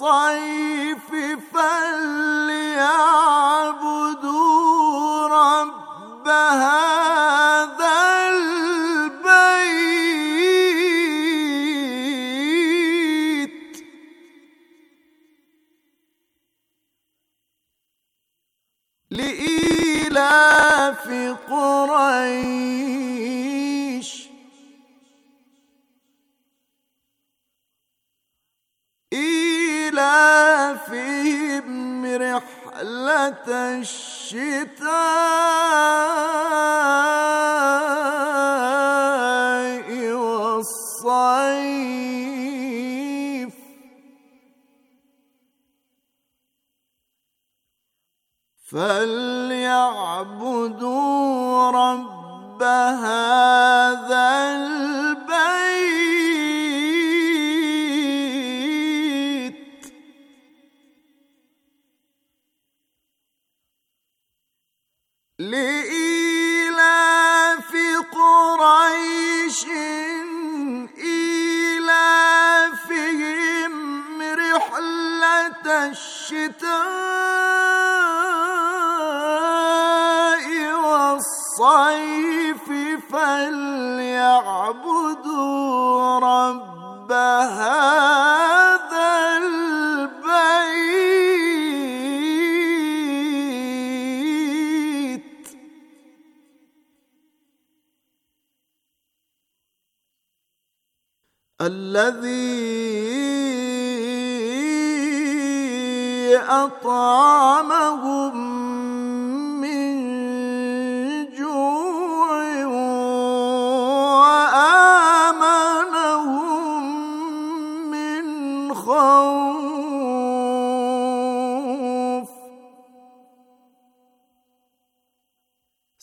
صيد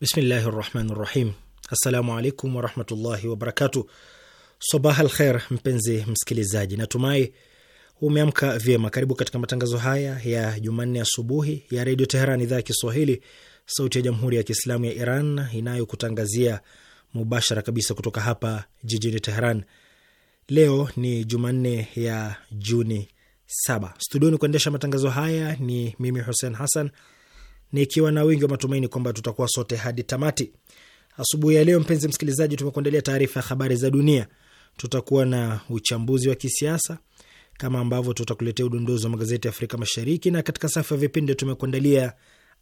Bismillahi rahmani rahim. Assalamu alaikum warahmatullahi wabarakatu. Sabah al kher, mpenzi msikilizaji, natumai umeamka vyema. Karibu katika matangazo haya ya Jumanne asubuhi ya Redio Teheran, idhaa ya Kiswahili, sauti ya Jamhuri ya Kiislamu ya Iran inayokutangazia mubashara kabisa kutoka hapa jijini Teheran. Leo ni Jumanne ya Juni saba. Studioni kuendesha matangazo haya ni mimi Hussein Hassan nikiwa na wingi wa matumaini kwamba tutakuwa sote hadi tamati. Asubuhi ya leo, mpenzi msikilizaji, tumekuandalia taarifa ya habari za dunia, tutakuwa na uchambuzi wa kisiasa kama ambavyo tutakuletea udondozi wa magazeti ya Afrika Mashariki, na katika safu ya vipindi tumekuandalia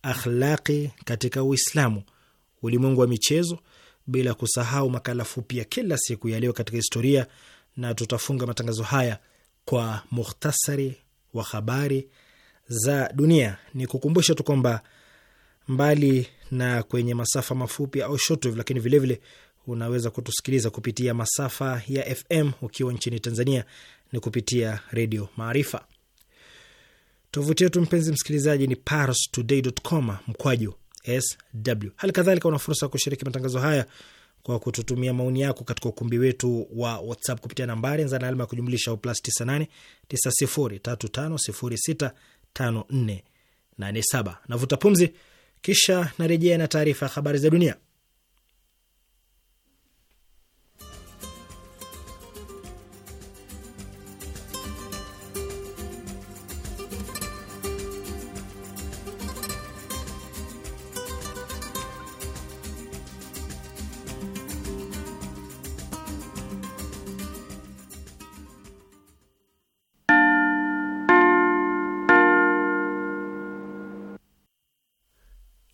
akhlaqi katika Uislamu, ulimwengu wa michezo, bila kusahau makala fupi ya kila siku ya leo katika historia, na tutafunga matangazo haya kwa muhtasari wa habari za dunia. Ni kukumbusha tu kwamba mbali na kwenye masafa mafupi au shortwave, lakini vilevile unaweza kutusikiliza kupitia masafa ya FM ukiwa nchini Tanzania ni kupitia Redio Maarifa. Tovuti yetu mpenzi msikilizaji ni parstoday.com mkwaju sw. Hali kadhalika una fursa ya kushiriki matangazo haya kwa kututumia maoni yako katika ukumbi wetu wa WhatsApp kupitia nambari nzana alama ya kujumlisha plus 98 9035065487. Navuta pumzi. Kisha narejea na taarifa ya habari za dunia.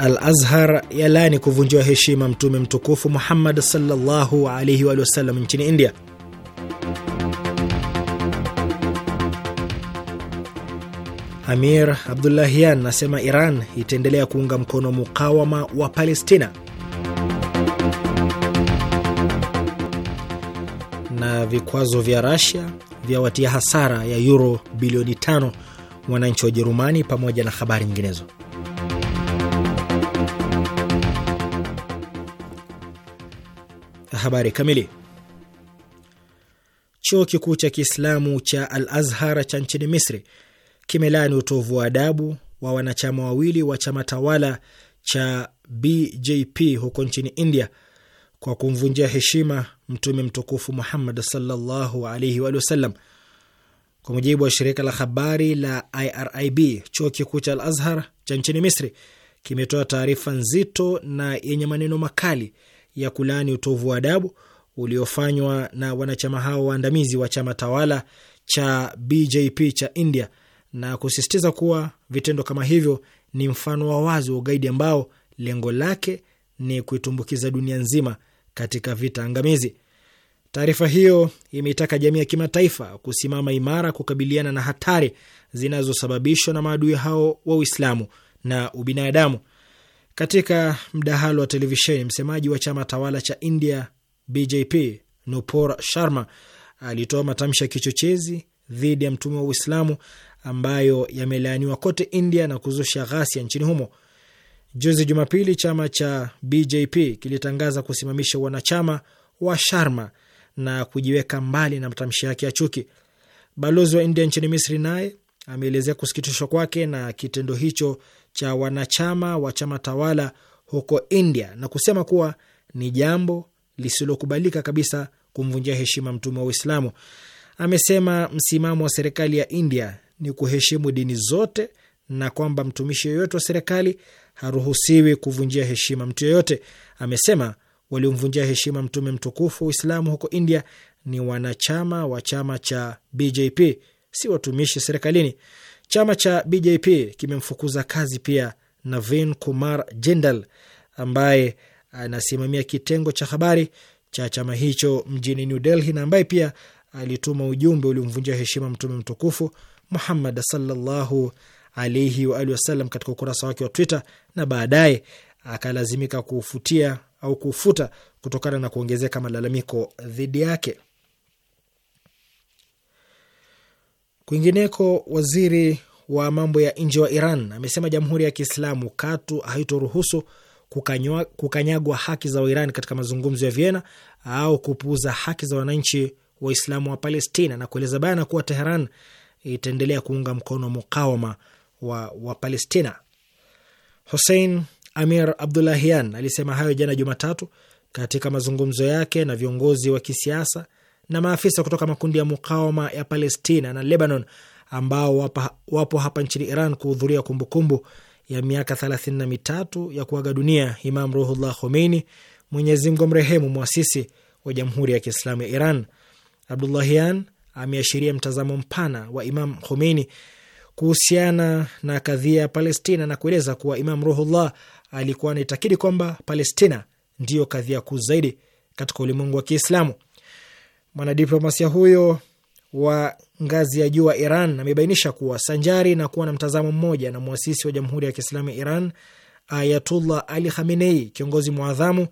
Al Azhar yalani kuvunjiwa heshima Mtume mtukufu Muhammad sallallahu alaihi wa sallam nchini India. Amir Abdullahian nasema Iran itaendelea kuunga mkono mukawama wa Palestina. Na vikwazo vya Rasia vyawatia hasara ya yuro bilioni tano wananchi wa Ujerumani, pamoja na habari nyinginezo. Habari kamili. Chuo kikuu cha Kiislamu cha Al Azhar cha nchini Misri kimelaani utovu wa adabu wa wanachama wawili wa chama tawala cha BJP huko nchini India kwa kumvunjia heshima Mtume mtukufu Muhammad sallallahu alaihi Kwa mujibu wa shirika la habari la IRIB, chuo kikuu cha Al Azhar cha nchini Misri kimetoa taarifa nzito na yenye maneno makali ya kulaani utovu wa adabu uliofanywa na wanachama hao waandamizi wa chama tawala cha BJP cha India na kusisitiza kuwa vitendo kama hivyo ni mfano wa wazi wa ugaidi ambao lengo lake ni kuitumbukiza dunia nzima katika vita angamizi. Taarifa hiyo imeitaka jamii ya kimataifa kusimama imara kukabiliana na hatari zinazosababishwa na maadui hao wa Uislamu na ubinadamu. Katika mdahalo wa televisheni, msemaji wa chama tawala cha India BJP Nupur Sharma alitoa matamshi ya kichochezi dhidi ya mtume wa Uislamu ambayo yamelaaniwa kote India na kuzusha ghasia nchini humo. Juzi Jumapili, chama cha BJP kilitangaza kusimamisha wanachama wa Sharma na kujiweka mbali na matamshi yake ya chuki. Balozi wa India nchini Misri naye ameelezea kusikitishwa kwake na kitendo hicho cha wanachama wa chama tawala huko India na kusema kuwa ni jambo lisilokubalika kabisa kumvunjia heshima mtume wa Uislamu. Amesema msimamo wa serikali ya India ni kuheshimu dini zote na kwamba mtumishi yoyote wa serikali haruhusiwi kuvunjia heshima mtu yoyote. Amesema waliomvunjia heshima mtume mtukufu wa Uislamu huko India ni wanachama wa chama cha BJP si watumishi serikalini. Chama cha BJP kimemfukuza kazi pia Navin Kumar Jindal ambaye anasimamia kitengo cha habari cha chama hicho mjini New Delhi na ambaye pia alituma ujumbe uliomvunjia heshima Mtume mtukufu Muhammad sallallahu alaihi wa alihi wasallam katika ukurasa wake wa Twitter na baadaye akalazimika kuufutia au kuufuta kutokana na kuongezeka malalamiko dhidi yake. Kwingineko, waziri wa mambo ya nje wa Iran amesema jamhuri ya Kiislamu katu haitoruhusu kukanyagwa haki za wairan katika mazungumzo ya Vienna au kupuuza haki za wananchi Waislamu wa Palestina na kueleza bayana kuwa Teheran itaendelea kuunga mkono mukawama wa Palestina. Hussein Amir Abdulahian alisema hayo jana Jumatatu katika mazungumzo yake na viongozi wa kisiasa na maafisa kutoka makundi ya mukawama ya Palestina na Lebanon ambao wapa, wapo hapa nchini Iran kuhudhuria kumbukumbu ya miaka thelathini na mitatu ya kuaga dunia Imam Ruhullah Khomeini, Mwenyezi Mungu amrehemu, mwasisi wa Jamhuri ya Kiislamu ya Iran. Abdullahian ameashiria mtazamo mpana wa Imam Khomeini kuhusiana na kadhia ya Palestina na kueleza kuwa Imam Ruhullah alikuwa anaitakidi kwamba Palestina ndiyo kadhia kuu zaidi katika ulimwengu wa Kiislamu. Mwanadiplomasia huyo wa ngazi ya juu wa Iran amebainisha kuwa sanjari na kuwa na mtazamo mmoja na mwasisi wa Jamhuri ya Kiislamu ya Iran Ayatullah Ali Khamenei, kiongozi mwadhamu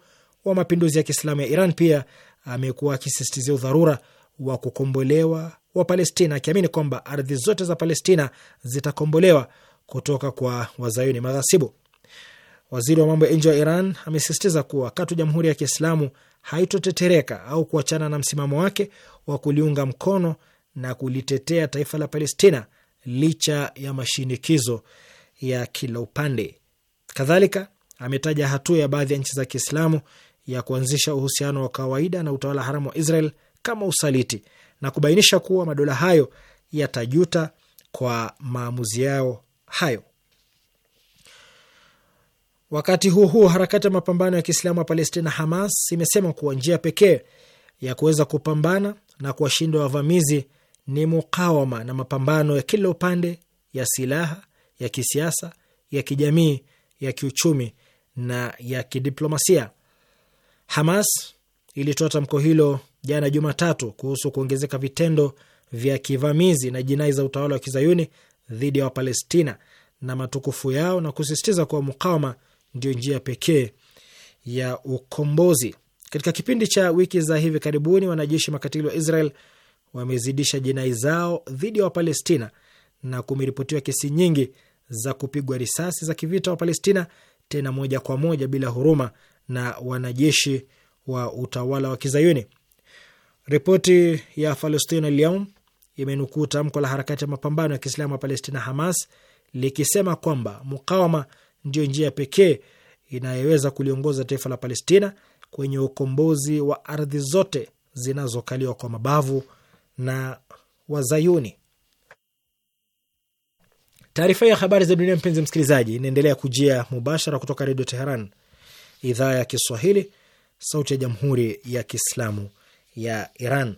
wa mapinduzi ya Kiislamu ya Iran, pia amekuwa akisisitizia udharura wa kukombolewa wa Palestina, akiamini kwamba ardhi zote za Palestina zitakombolewa kutoka kwa wazayuni maghasibu. Waziri wa mambo ya nje wa Iran amesisitiza kuwa katu Jamhuri ya Kiislamu haitotetereka au kuachana na msimamo wake wa kuliunga mkono na kulitetea taifa la Palestina licha ya mashinikizo ya kila upande. Kadhalika ametaja hatua ya baadhi ya nchi za Kiislamu ya kuanzisha uhusiano wa kawaida na utawala haramu wa Israel kama usaliti na kubainisha kuwa madola hayo yatajuta kwa maamuzi yao hayo. Wakati huo huo, harakati ya mapambano ya Kiislamu ya Palestina, Hamas, imesema kuwa njia pekee ya kuweza kupambana na kuwashinda wavamizi ni mukawama na mapambano ya kila upande ya silaha, ya kisiasa, ya kijamii, ya kiuchumi na ya kidiplomasia. Hamas ilitoa tamko hilo jana Jumatatu kuhusu kuongezeka vitendo vya kivamizi na jinai za utawala wa kizayuni dhidi ya Wapalestina na matukufu yao na kusisitiza kuwa mukawama ndio njia pekee ya ukombozi. Katika kipindi cha wiki za hivi karibuni, wanajeshi makatili wa Israel wamezidisha jinai zao dhidi ya Wapalestina na kumeripotiwa kesi nyingi za kupigwa risasi za kivita Wapalestina, tena moja kwa moja bila huruma na wanajeshi wa utawala wa Kizayuni. Ripoti ya Falestina al imenukuu tamko la harakati ya mapambano ya Kiislamu ya Palestina, Hamas, likisema kwamba mukawama ndiyo njia pekee inayoweza kuliongoza taifa la Palestina kwenye ukombozi wa ardhi zote zinazokaliwa kwa mabavu na Wazayuni. Taarifa ya habari za dunia, mpenzi msikilizaji, inaendelea kujia mubashara kutoka Redio Teheran, idhaa ya Kiswahili, sauti ya Jamhuri ya Kiislamu ya Iran.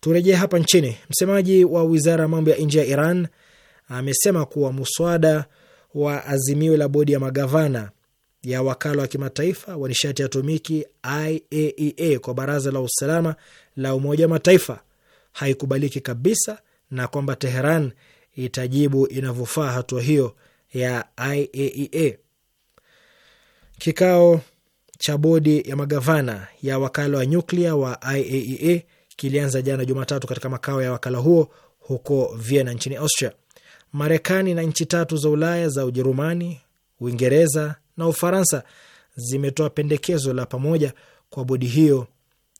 Turejee hapa nchini. Msemaji wa wizara ya mambo ya nje ya Iran amesema kuwa muswada wa azimio la bodi ya magavana ya wakala wa kimataifa wa nishati ya atomiki IAEA e kwa baraza la usalama la Umoja wa Mataifa haikubaliki kabisa na kwamba Teheran itajibu inavyofaa hatua hiyo ya IAEA. E Kikao cha bodi ya magavana ya wakala wa nyuklia wa IAEA e kilianza jana Jumatatu katika makao ya wakala huo huko Vienna nchini Austria. Marekani na nchi tatu za Ulaya za Ujerumani, Uingereza na Ufaransa zimetoa pendekezo la pamoja kwa bodi hiyo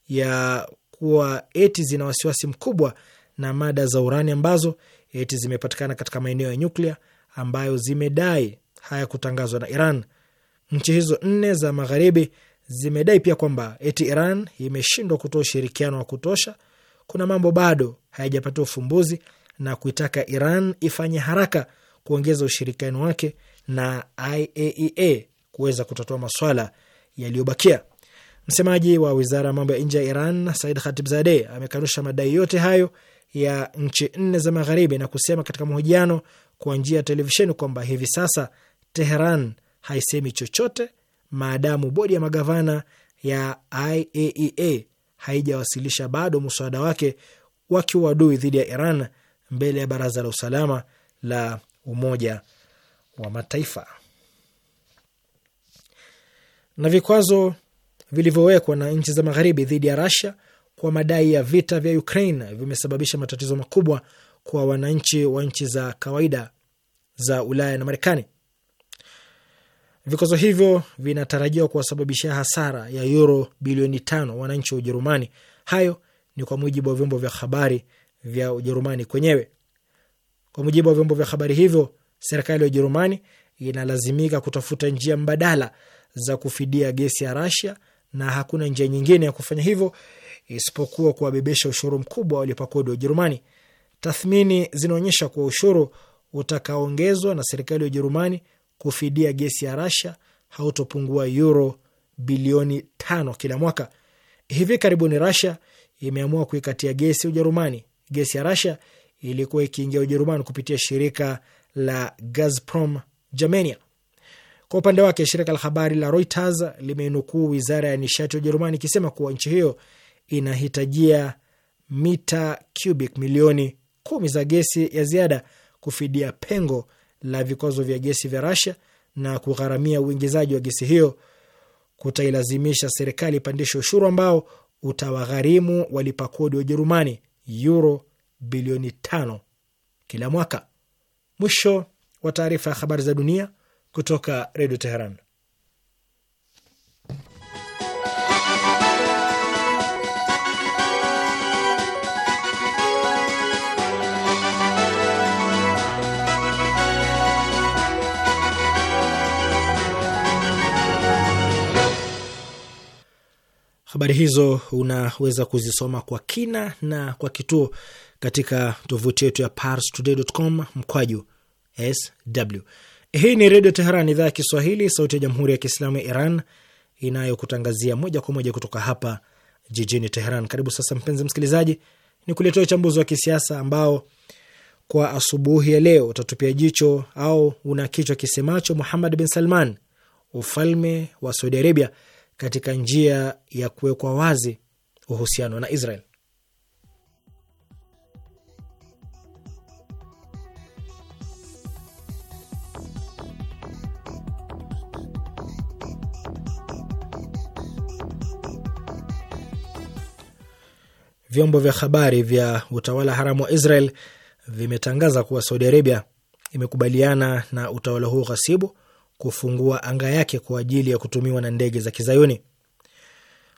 ya kuwa eti zina wasiwasi mkubwa na mada za urani ambazo eti zimepatikana katika maeneo ya nyuklia ambayo zimedai hayakutangazwa na Iran. Nchi hizo nne za magharibi zimedai pia kwamba eti Iran imeshindwa kutoa ushirikiano wa kutosha, kuna mambo bado hayajapatiwa ufumbuzi na kuitaka Iran ifanye haraka kuongeza ushirikiano wake na IAEA e kuweza kutatua maswala yaliyobakia. Msemaji wa wizara ya mambo ya nje ya Iran Said Khatibzadeh amekanusha madai yote hayo ya nchi nne za Magharibi na kusema katika mahojiano kwa njia ya televisheni kwamba hivi sasa Teheran haisemi chochote maadamu bodi ya magavana ya IAEA e haijawasilisha bado mswada wake wa kiuadui dhidi ya Iran mbele ya Baraza la Usalama la Umoja wa Mataifa. Na vikwazo vilivyowekwa na nchi za Magharibi dhidi ya Russia kwa madai ya vita vya Ukraine vimesababisha matatizo makubwa kwa wananchi wa nchi za kawaida za Ulaya na Marekani. Vikwazo hivyo vinatarajiwa kuwasababishia hasara ya euro bilioni tano wananchi wa Ujerumani. Hayo ni kwa mujibu wa vyombo vya habari vya Ujerumani kwenyewe. Kwa mujibu wa vyombo vya habari hivyo, serikali ya Ujerumani inalazimika kutafuta njia mbadala za kufidia gesi ya Rasia na hakuna njia nyingine ya kufanya hivyo isipokuwa kuwabebesha ushuru mkubwa walipa kodi wa Ujerumani. Tathmini zinaonyesha kuwa ushuru utakaongezwa na serikali ya Ujerumani kufidia gesi ya Rasia hautopungua euro bilioni tano kila mwaka. Hivi karibuni Rasia imeamua kuikatia gesi Ujerumani gesi ya Rasia ilikuwa ikiingia Ujerumani kupitia shirika la Gazprom Germania. Kwa upande wake, shirika la habari la Reuters limeinukuu wizara ya nishati ya Ujerumani ikisema kuwa nchi hiyo inahitajia mita cubic milioni kumi za gesi ya ziada kufidia pengo la vikwazo vya gesi vya Rasia, na kugharamia uingizaji wa gesi hiyo kutailazimisha serikali ipandishe ushuru ambao utawagharimu walipa kodi wa Ujerumani euro bilioni tano kila mwaka. Mwisho wa taarifa ya habari za dunia kutoka Redio Teheran. Habari hizo unaweza kuzisoma kwa kina na kwa kituo katika tovuti yetu ya parstoday.com mkwaju sw. Hii ni Redio Teheran, idhaa ya Kiswahili, sauti ya Jamhuri ya Kiislamu ya Iran inayokutangazia moja kwa moja kutoka hapa jijini Teheran. Karibu sasa, mpenzi msikilizaji, ni kuletea uchambuzi wa kisiasa ambao kwa asubuhi ya leo utatupia jicho au una kichwa kisemacho Muhammad bin Salman, ufalme wa Saudi Arabia katika njia ya kuwekwa wazi uhusiano na Israel. Vyombo vya habari vya utawala haramu wa Israel vimetangaza kuwa Saudi Arabia imekubaliana na utawala huo ghasibu kufungua anga yake kwa ajili ya kutumiwa na ndege za Kizayuni.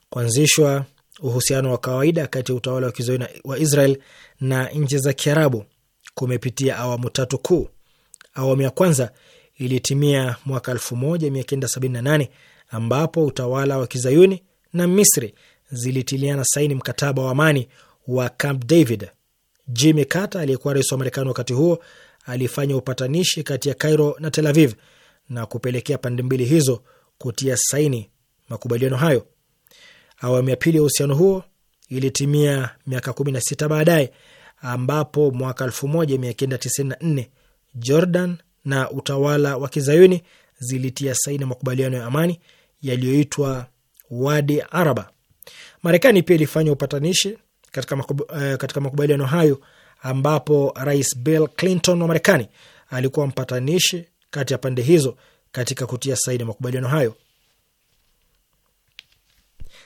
Kuanzishwa uhusiano wa kawaida kati ya utawala wa Kizayuni wa Israel na nchi za Kiarabu kumepitia awamu tatu kuu. Awamu ya kwanza ilitimia mwaka 1978 ambapo utawala wa Kizayuni na Misri zilitiliana saini mkataba wa amani wa Camp David. Jimmy Carter aliyekuwa rais wa Marekani wakati huo alifanya upatanishi kati ya Cairo na Tel Aviv na kupelekea pande mbili hizo kutia saini makubaliano hayo. Awamu ya pili ya uhusiano huo ilitimia miaka kumi na sita baadaye ambapo mwaka nne Jordan na utawala wa kizayuni zilitia saini makubaliano ya amani yaliyoitwa Wadi Araba. Marekani pia ilifanya upatanishi katika, makub, eh, katika makubaliano hayo ambapo Rais Bill Clinton wa Marekani alikuwa mpatanishi kati ya pande hizo katika kutia saini makubaliano hayo.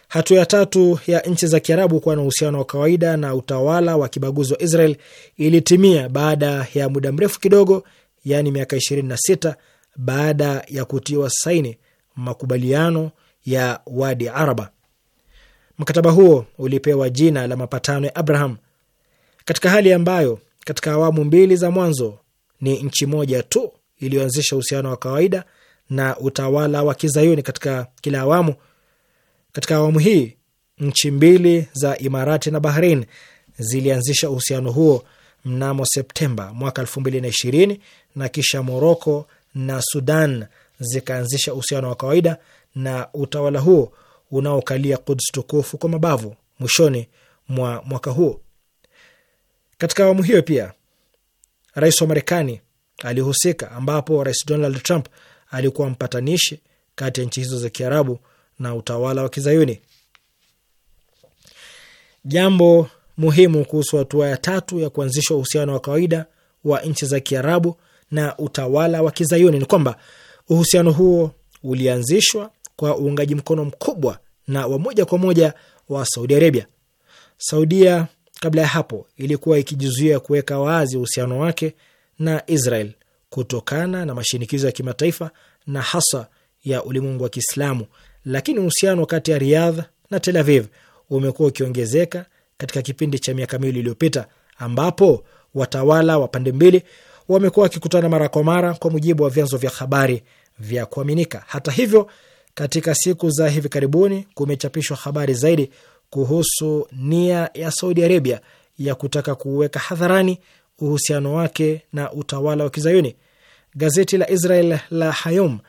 Hatua ya tatu ya nchi za Kiarabu kuwa na uhusiano wa kawaida na utawala wa kibaguzi wa Israel ilitimia baada ya muda mrefu kidogo, yaani miaka sita baada ya kutiwa saini makubaliano ya Wadi Araba. Mkataba huo ulipewa jina la mapatano ya Abraham, katika hali ambayo katika awamu mbili za mwanzo ni nchi moja tu iliyoanzisha uhusiano wa kawaida na utawala wa kizayuni katika kila awamu. Katika awamu hii nchi mbili za Imarati na Bahrain zilianzisha uhusiano huo mnamo Septemba mwaka elfu mbili na ishirini na kisha Moroko na Sudan zikaanzisha uhusiano wa kawaida na utawala huo unaokalia Kuds tukufu kwa mabavu mwishoni mwa mwaka huo. Katika awamu hiyo pia rais wa Marekani alihusika, ambapo Rais Donald Trump alikuwa mpatanishi kati ya nchi hizo za Kiarabu na utawala wa Kizayuni. Jambo muhimu kuhusu hatua ya tatu ya kuanzisha uhusiano wa kawaida wa nchi za Kiarabu na utawala wa Kizayuni ni kwamba uhusiano huo ulianzishwa kwa uungaji mkono mkubwa na wa moja kwa moja wa Saudi Arabia. Saudia kabla ya hapo ilikuwa ikijizuia kuweka wazi uhusiano wake na Israel kutokana na mashinikizo ya kimataifa na hasa ya ulimwengu wa Kiislamu, lakini uhusiano kati ya Riyadh na Tel Aviv umekuwa ukiongezeka katika kipindi cha miaka miwili iliyopita, ambapo watawala wa pande mbili wamekuwa wakikutana mara kwa mara, kwa mujibu wa vyanzo vya habari vya kuaminika. Hata hivyo, katika siku za hivi karibuni kumechapishwa habari zaidi kuhusu nia ya Saudi Arabia ya kutaka kuweka hadharani uhusiano wake na utawala wa kizayuni. Gazeti la Israel la Hayom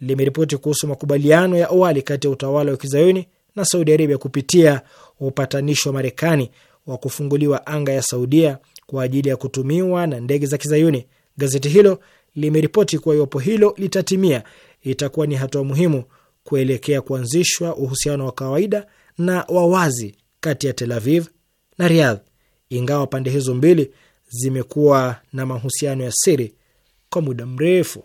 limeripoti kuhusu makubaliano ya awali kati ya utawala wa kizayuni na Saudi Arabia kupitia upatanishi wa Marekani wa kufunguliwa anga ya Saudia kwa ajili ya kutumiwa na ndege za kizayuni. Gazeti hilo limeripoti kuwa iwapo hilo litatimia, itakuwa ni hatua muhimu kuelekea kuanzishwa uhusiano wa kawaida na wawazi kati ya Tel Aviv na Riyadh, ingawa pande hizo mbili zimekuwa na mahusiano ya siri kwa muda mrefu.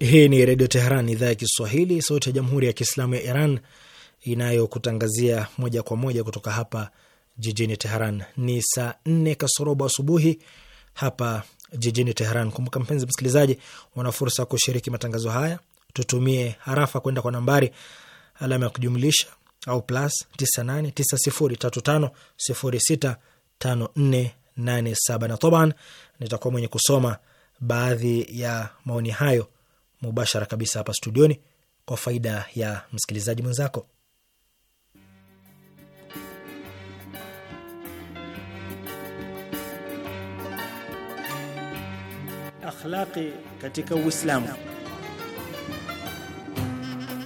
Hii ni Redio Teheran, idhaa ya Kiswahili, sauti ya Jamhuri ya Kiislamu ya Iran inayokutangazia moja kwa moja kutoka hapa jijini Teheran. Ni saa nne kasorobo asubuhi hapa jijini Teheran. Kumbuka mpenzi msikilizaji, una fursa kushiriki matangazo haya, tutumie harafa kwenda kwa nambari alama ya kujumlisha au plus 989035065487 na toban, nitakuwa mwenye kusoma baadhi ya maoni hayo mubashara kabisa hapa studioni kwa faida ya msikilizaji mwenzako. akhlaqi katika Uislamu.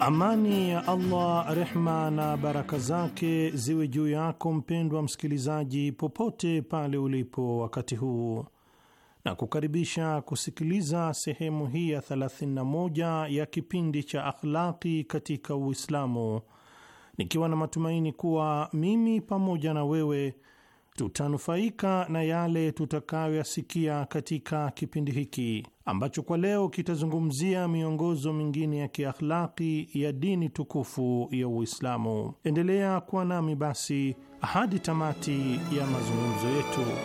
Amani ya Allah, rehma na baraka zake ziwe juu yako mpendwa msikilizaji, popote pale ulipo wakati huu, na kukaribisha kusikiliza sehemu hii ya 31 ya kipindi cha akhlaqi katika Uislamu, nikiwa na matumaini kuwa mimi pamoja na wewe tutanufaika na yale tutakayoyasikia katika kipindi hiki ambacho kwa leo kitazungumzia miongozo mingine ya kiakhlaki ya dini tukufu ya Uislamu. Endelea kuwa nami basi hadi tamati ya mazungumzo yetu.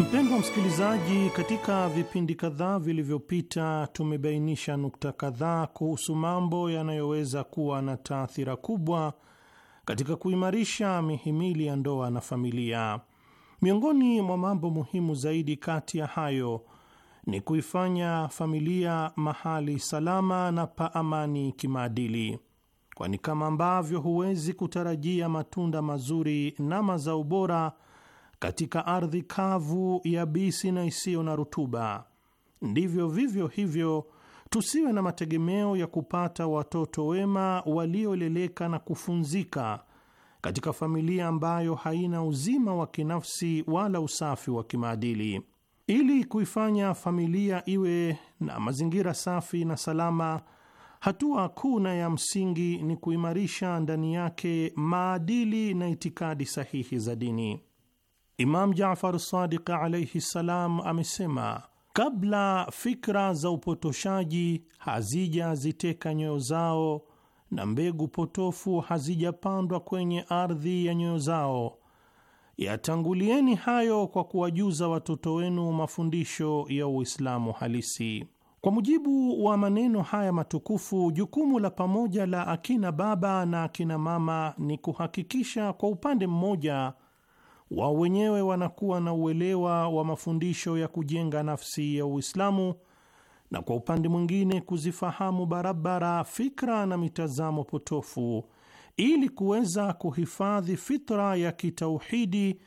Mpendwa msikilizaji, katika vipindi kadhaa vilivyopita tumebainisha nukta kadhaa kuhusu mambo yanayoweza kuwa na taathira kubwa katika kuimarisha mihimili ya ndoa na familia. Miongoni mwa mambo muhimu zaidi kati ya hayo ni kuifanya familia mahali salama na pa amani kimaadili, kwani kama ambavyo huwezi kutarajia matunda mazuri na mazao bora katika ardhi kavu yabisi na isiyo na rutuba. Ndivyo vivyo hivyo tusiwe na mategemeo ya kupata watoto wema walioleleka na kufunzika katika familia ambayo haina uzima wa kinafsi wala usafi wa kimaadili. Ili kuifanya familia iwe na mazingira safi na salama, hatua kuu na ya msingi ni kuimarisha ndani yake maadili na itikadi sahihi za dini. Imam Jafar Sadiq alaihi ssalam amesema kabla fikra za upotoshaji hazijaziteka nyoyo zao na mbegu potofu hazijapandwa kwenye ardhi ya nyoyo zao, yatangulieni hayo kwa kuwajuza watoto wenu mafundisho ya Uislamu halisi. Kwa mujibu wa maneno haya matukufu, jukumu la pamoja la akina baba na akina mama ni kuhakikisha kwa upande mmoja wao wenyewe wanakuwa na uelewa wa mafundisho ya kujenga nafsi ya Uislamu na kwa upande mwingine kuzifahamu barabara fikra na mitazamo potofu ili kuweza kuhifadhi fitra ya kitauhidi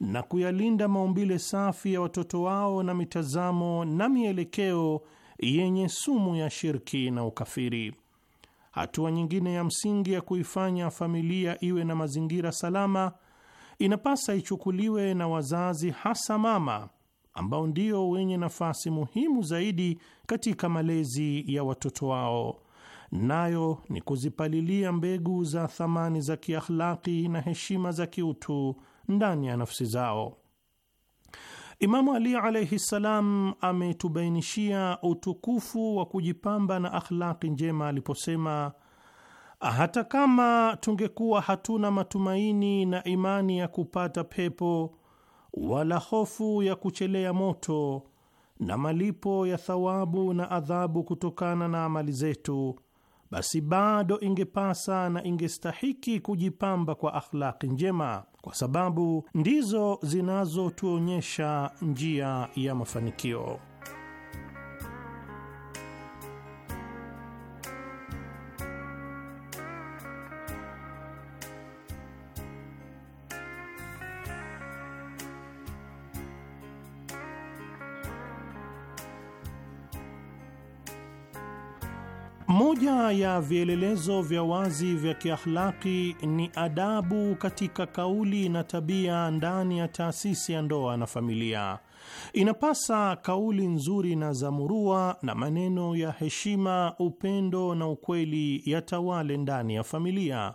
na kuyalinda maumbile safi ya watoto wao na mitazamo na mielekeo yenye sumu ya shirki na ukafiri. Hatua nyingine ya msingi ya kuifanya familia iwe na mazingira salama inapasa ichukuliwe na wazazi, hasa mama, ambao ndio wenye nafasi muhimu zaidi katika malezi ya watoto wao, nayo ni kuzipalilia mbegu za thamani za kiakhlaki na heshima za kiutu ndani ya nafsi zao. Imamu Ali alaihi ssalam ametubainishia utukufu wa kujipamba na akhlaki njema aliposema hata kama tungekuwa hatuna matumaini na imani ya kupata pepo wala hofu ya kuchelea moto na malipo ya thawabu na adhabu kutokana na amali zetu, basi bado ingepasa na ingestahiki kujipamba kwa akhlaki njema, kwa sababu ndizo zinazotuonyesha njia ya mafanikio. Moja ya vielelezo vya wazi vya kiakhlaki ni adabu katika kauli na tabia ndani ya taasisi ya ndoa na familia. Inapasa kauli nzuri na za murua na maneno ya heshima, upendo na ukweli yatawale ndani ya familia,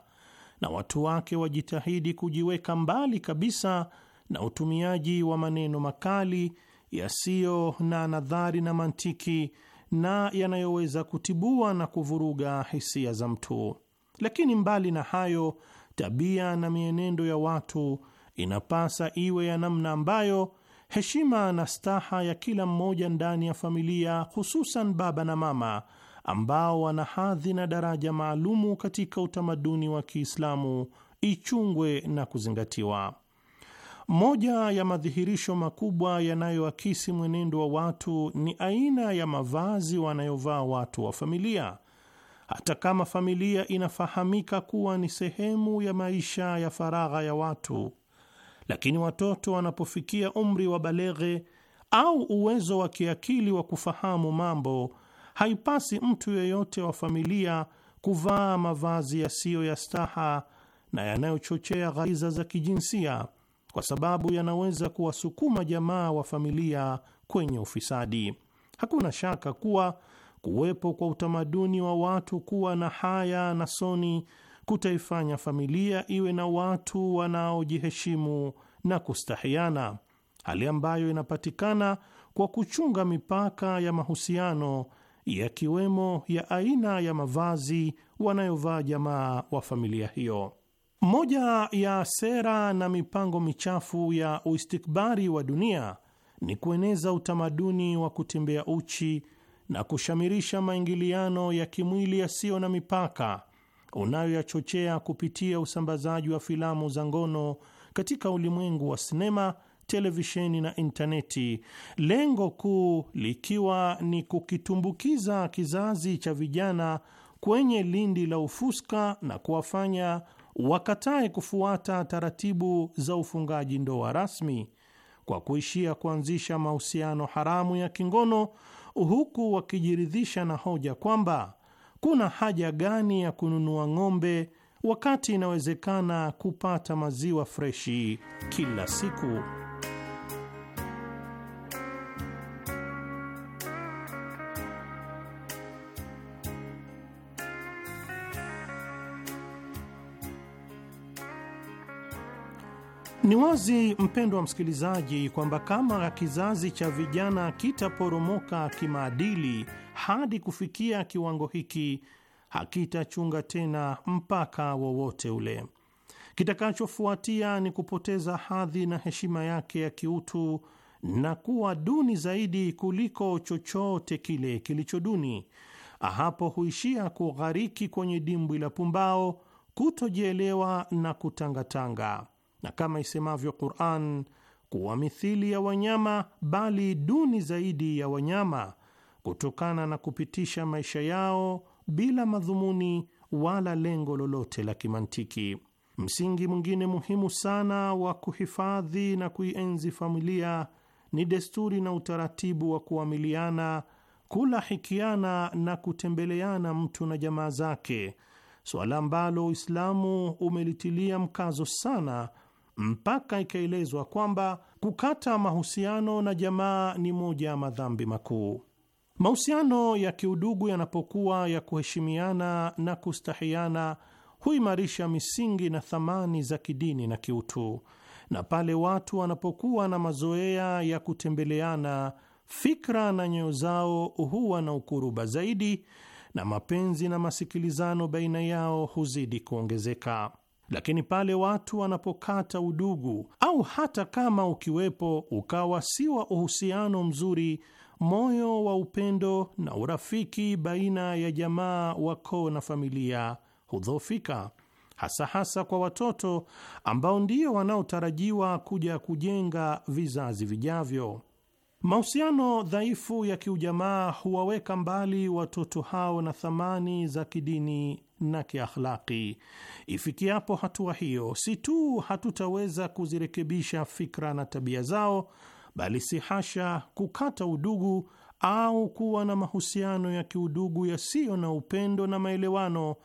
na watu wake wajitahidi kujiweka mbali kabisa na utumiaji wa maneno makali yasiyo na nadhari na mantiki na yanayoweza kutibua na kuvuruga hisia za mtu. Lakini mbali na hayo, tabia na mienendo ya watu inapasa iwe ya namna ambayo heshima na staha ya kila mmoja ndani ya familia, hususan baba na mama ambao wana hadhi na daraja maalumu katika utamaduni wa Kiislamu ichungwe na kuzingatiwa. Moja ya madhihirisho makubwa yanayoakisi mwenendo wa watu ni aina ya mavazi wanayovaa watu wa familia. Hata kama familia inafahamika kuwa ni sehemu ya maisha ya faragha ya watu, lakini watoto wanapofikia umri wa baleghe au uwezo wa kiakili wa kufahamu mambo, haipasi mtu yeyote wa familia kuvaa mavazi yasiyo ya staha na yanayochochea ghariza za kijinsia kwa sababu yanaweza kuwasukuma jamaa wa familia kwenye ufisadi. Hakuna shaka kuwa kuwepo kwa utamaduni wa watu kuwa na haya na soni kutaifanya familia iwe na watu wanaojiheshimu na kustahiana, hali ambayo inapatikana kwa kuchunga mipaka ya mahusiano yakiwemo ya aina ya mavazi wanayovaa jamaa wa familia hiyo. Moja ya sera na mipango michafu ya uistikbari wa dunia ni kueneza utamaduni wa kutembea uchi na kushamirisha maingiliano ya kimwili yasiyo na mipaka unayoyachochea kupitia usambazaji wa filamu za ngono katika ulimwengu wa sinema, televisheni na intaneti, lengo kuu likiwa ni kukitumbukiza kizazi cha vijana kwenye lindi la ufuska na kuwafanya wakatae kufuata taratibu za ufungaji ndoa rasmi kwa kuishia kuanzisha mahusiano haramu ya kingono, huku wakijiridhisha na hoja kwamba kuna haja gani ya kununua ng'ombe wakati inawezekana kupata maziwa freshi kila siku. Ni wazi mpendwa msikilizaji, kwamba kama kizazi cha vijana kitaporomoka kimaadili hadi kufikia kiwango hiki, hakitachunga tena mpaka wowote ule. Kitakachofuatia ni kupoteza hadhi na heshima yake ya kiutu na kuwa duni zaidi kuliko chochote kile kilicho duni. Hapo huishia kughariki kwenye dimbwi la pumbao, kutojielewa na kutangatanga na kama isemavyo Qur'an kuwa mithili ya wanyama, bali duni zaidi ya wanyama, kutokana na kupitisha maisha yao bila madhumuni wala lengo lolote la kimantiki. Msingi mwingine muhimu sana wa kuhifadhi na kuienzi familia ni desturi na utaratibu wa kuamiliana, kula hikiana na kutembeleana mtu na jamaa zake, suala ambalo Uislamu umelitilia mkazo sana mpaka ikaelezwa kwamba kukata mahusiano na jamaa ni moja ya madhambi makuu. Mahusiano ya kiudugu yanapokuwa ya kuheshimiana na kustahiana huimarisha misingi na thamani za kidini na kiutu, na pale watu wanapokuwa na mazoea ya kutembeleana, fikra na nyoyo zao huwa na ukuruba zaidi, na mapenzi na masikilizano baina yao huzidi kuongezeka. Lakini pale watu wanapokata udugu au hata kama ukiwepo ukawa si wa uhusiano mzuri, moyo wa upendo na urafiki baina ya jamaa, koo na familia hudhoofika, hasa hasa kwa watoto ambao ndio wanaotarajiwa kuja kujenga vizazi vijavyo. Mahusiano dhaifu ya kiujamaa huwaweka mbali watoto hao na thamani za kidini na kiakhlaki. Ifikiapo hatua hiyo, si tu hatutaweza kuzirekebisha fikra na tabia zao, bali si hasha, kukata udugu au kuwa na mahusiano ya kiudugu yasiyo na upendo na maelewano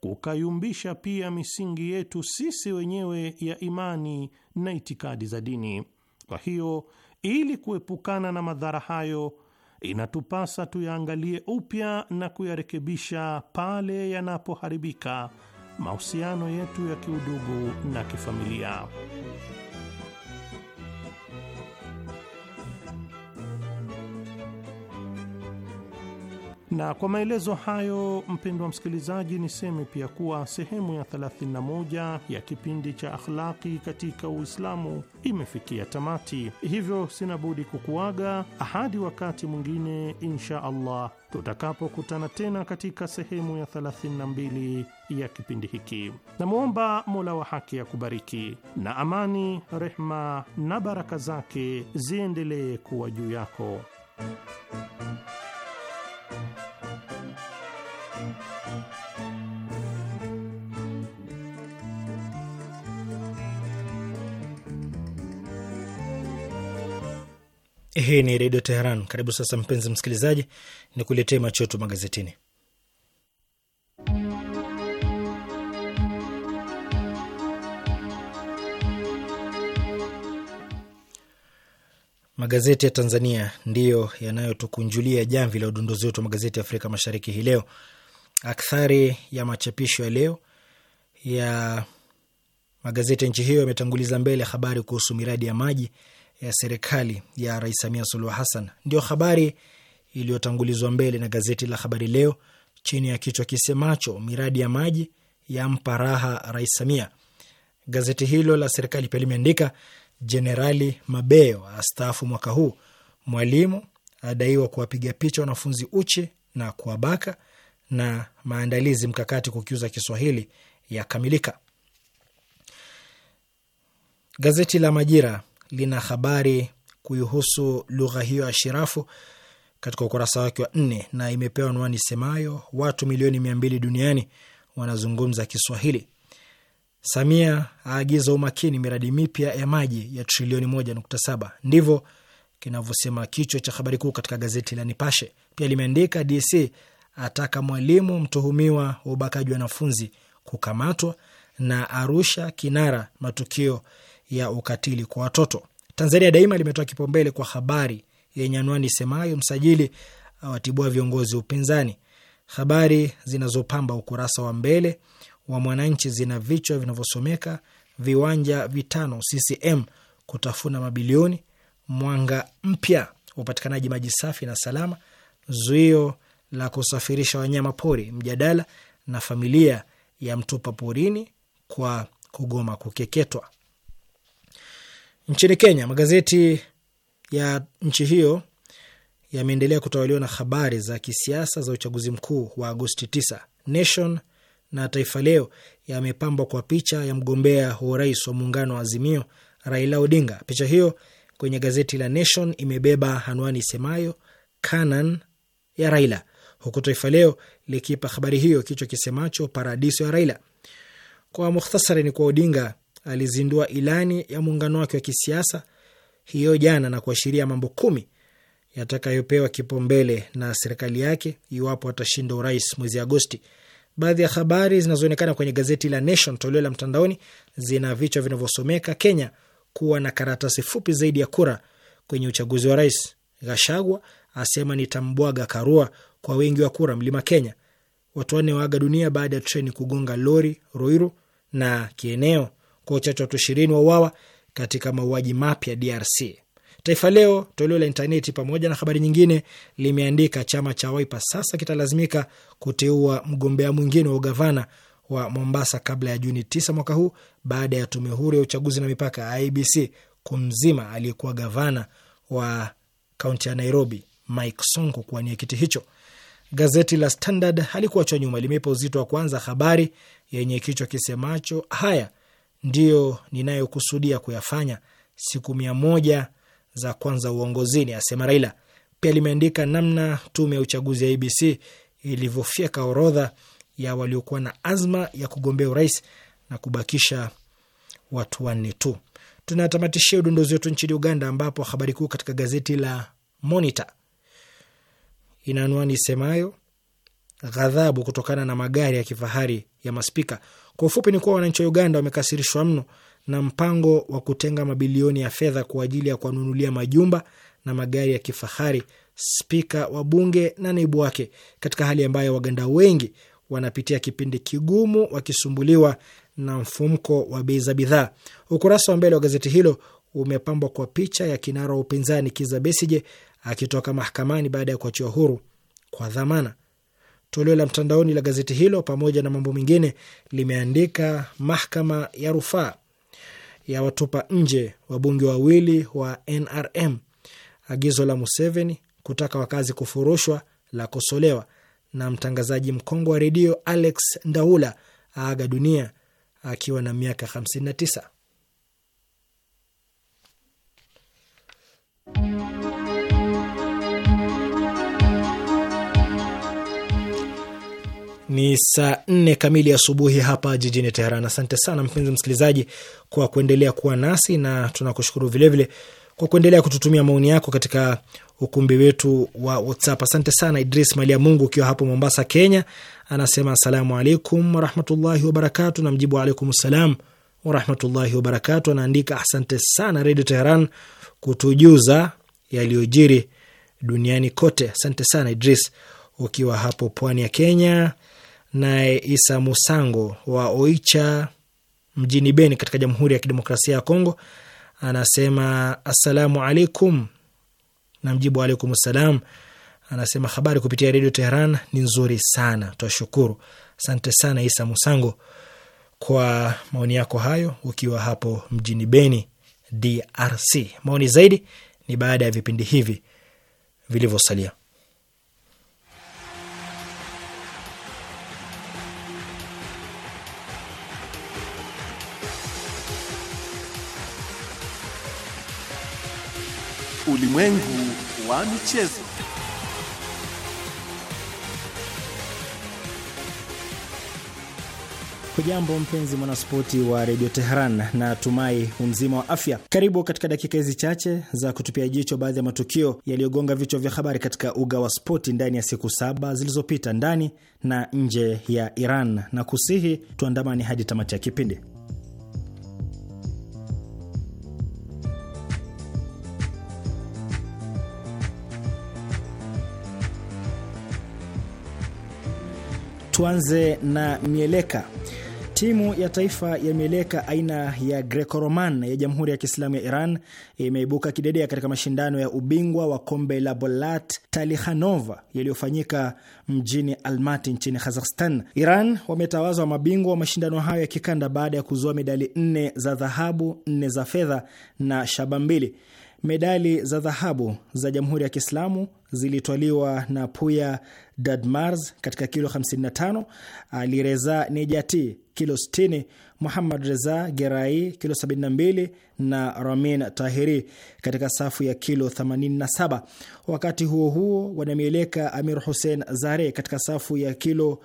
kukayumbisha pia misingi yetu sisi wenyewe ya imani na itikadi za dini. Kwa hiyo ili kuepukana na madhara hayo, inatupasa tuyaangalie upya na kuyarekebisha pale yanapoharibika mahusiano yetu ya kiudugu na kifamilia. Na kwa maelezo hayo, mpendwa msikilizaji, niseme pia kuwa sehemu ya 31 ya kipindi cha akhlaki katika Uislamu imefikia tamati, hivyo sina budi kukuaga hadi wakati mwingine insha Allah tutakapokutana tena katika sehemu ya 32 ya kipindi hiki. Namwomba Mola wa haki ya kubariki na amani, rehma na baraka zake ziendelee kuwa juu yako. Hii ni Redio Teheran. Karibu sasa, mpenzi msikilizaji, ni kuletee macho yetu magazetini. Magazeti ya Tanzania ndiyo yanayotukunjulia jamvi la udondozi wetu wa magazeti ya Afrika Mashariki hii leo. Akthari ya machapisho ya leo ya magazeti ya nchi hiyo yametanguliza mbele habari kuhusu miradi ya maji ya serikali ya Rais Samia Suluhu Hassan ndio habari iliyotangulizwa mbele na gazeti la Habari Leo chini ya kichwa kisemacho miradi ya maji yampa raha Rais Samia. Gazeti hilo la serikali pia limeandika Jenerali Mabeo astaafu mwaka huu, Mwalimu adaiwa kuwapiga picha wanafunzi uchi na kuwabaka, na maandalizi mkakati kukiuza Kiswahili yakamilika. Gazeti la Majira lina habari kuihusu lugha hiyo ya shirafu katika ukurasa wake wa nne na imepewa anwani semayo watu milioni mia mbili duniani wanazungumza Kiswahili. Samia aagiza umakini miradi mipya ya maji ya trilioni moja nukta saba. Ndivyo kinavyosema kichwa cha habari kuu katika gazeti la Nipashe. Pia limeandika DC ataka mwalimu mtuhumiwa wa ubakaji wanafunzi kukamatwa, na Arusha kinara matukio ya ukatili kwa watoto. Tanzania Daima limetoa kipaumbele kwa habari yenye anwani semayo msajili awatibua viongozi upinzani. Habari zinazopamba ukurasa wa mbele wa Mwananchi zina vichwa vinavyosomeka viwanja vitano CCM kutafuna mabilioni, mwanga mpya upatikanaji maji safi na salama, zuio la kusafirisha wanyama pori, mjadala na familia ya mtupa porini kwa kugoma kukeketwa. Nchini Kenya, magazeti ya nchi hiyo yameendelea kutawaliwa na habari za kisiasa za uchaguzi mkuu wa Agosti 9. Nation na Taifa Leo yamepambwa kwa picha ya mgombea wa urais wa muungano wa Azimio, Raila Odinga. Picha hiyo kwenye gazeti la Nation imebeba anwani isemayo canan ya Raila, huku Taifa Leo likiipa habari hiyo kichwa kisemacho paradiso ya Raila. Kwa mukhtasari, ni kwa Odinga alizindua ilani ya muungano wake wa kisiasa hiyo jana na kuashiria mambo kumi yatakayopewa kipaumbele na serikali yake iwapo atashinda urais mwezi Agosti. Baadhi ya habari zinazoonekana kwenye gazeti la Nation toleo la mtandaoni zina vichwa vinavyosomeka: Kenya kuwa na karatasi fupi zaidi ya kura kwenye uchaguzi wa rais, Gashagwa asema nitambwaga Karua kwa wengi wa kura, mlima Kenya, watu wanne waaga dunia baada ya treni kugonga lori Ruiru, na kieneo Kocha watu ishirini wauawa katika mauaji mapya DRC. Taifa Leo toleo la intaneti, pamoja na habari nyingine, limeandika chama cha Waipa sasa kitalazimika kuteua mgombea mwingine wa ugavana wa Mombasa kabla ya Juni 9 mwaka huu baada ya tume huru ya uchaguzi na mipaka IBC kumzima aliyekuwa gavana wa kaunti ya Nairobi Mike Sonko kuwania kiti hicho. Gazeti la Standard halikuachwa nyuma, limeipa uzito wa kwanza habari yenye kichwa kisemacho haya ndiyo ninayokusudia kuyafanya siku mia moja za kwanza uongozini, asema Raila. Pia limeandika namna tume ya uchaguzi ya ABC ilivyofyeka orodha ya waliokuwa na azma ya kugombea urais na kubakisha watu wanne tu. Tunatamatishia udondozi wetu nchini Uganda, ambapo habari kuu katika gazeti la Monitor ina anwani isemayo ghadhabu kutokana na magari ya kifahari ya maspika. Kwa ufupi ni kuwa wananchi wa Uganda wamekasirishwa mno na mpango wa kutenga mabilioni ya fedha kwa ajili ya kuwanunulia majumba na magari ya kifahari spika wa bunge na naibu wake, katika hali ambayo Waganda wengi wanapitia kipindi kigumu wakisumbuliwa na mfumko wa bei za bidhaa. Ukurasa wa mbele wa gazeti hilo umepambwa kwa picha ya kinara wa upinzani kizabesije akitoka mahakamani baada ya kuachiwa huru kwa dhamana. Toleo la mtandaoni la gazeti hilo, pamoja na mambo mengine, limeandika mahakama ya rufaa ya watupa nje wabunge wawili wa NRM, agizo la Museveni kutaka wakazi kufurushwa la kosolewa, na mtangazaji mkongwe wa redio Alex Ndaula aaga dunia akiwa na miaka 59. Ni saa nne kamili asubuhi hapa jijini Teheran. Asante sana mpenzi msikilizaji kwa kuendelea kuwa nasi na tunakushukuru vilevile kwa kuendelea kututumia maoni yako katika ukumbi wetu wa WhatsApp. Asante sana Idris Malia Mungu ukiwa hapo Mombasa, Kenya, anasema asalamu alaikum warahmatullahi wabarakatu, na mjibu alaikum salam warahmatullahi wabarakatu. Anaandika asante sana Redio Teheran kutujuza yaliyojiri duniani kote. Asante sana Idris ukiwa hapo pwani ya Kenya naye Isa Musango wa Oicha mjini Beni katika Jamhuri ya Kidemokrasia ya Kongo anasema assalamu alaikum, na mjibu alaikum salam. Anasema habari kupitia Redio Teheran ni nzuri sana, twashukuru. Asante sana Isa Musango kwa maoni yako hayo, ukiwa hapo mjini Beni, DRC. Maoni zaidi ni baada ya vipindi hivi vilivyosalia. Ulimwengu wa michezo. Hujambo mpenzi mwanaspoti wa redio Teheran na tumai umzima wa afya. Karibu katika dakika hizi chache za kutupia jicho baadhi ya matukio yaliyogonga vichwa vya habari katika uga wa spoti ndani ya siku saba zilizopita ndani na nje ya Iran, na kusihi tuandamani hadi tamati ya kipindi. Tuanze na mieleka. Timu ya taifa ya mieleka aina ya Greco-Roman ya Jamhuri ya Kiislamu ya Iran imeibuka kidedea katika mashindano ya ubingwa wa kombe la Bolat Talikhanova yaliyofanyika mjini almati nchini Kazakhstan. Iran wametawazwa mabingwa wa mashindano hayo ya kikanda baada ya kuzoa medali nne za dhahabu, nne za fedha na shaba mbili. Medali za dhahabu za Jamhuri ya Kiislamu zilitwaliwa na Puya Dadmars katika kilo 55, Alireza Nejati kilo 60, Muhammad Reza Gerai kilo 72 na Ramin Tahiri katika safu ya kilo 87. Wakati huo huo, wanamieleka Amir Hussein Zare katika safu ya kilo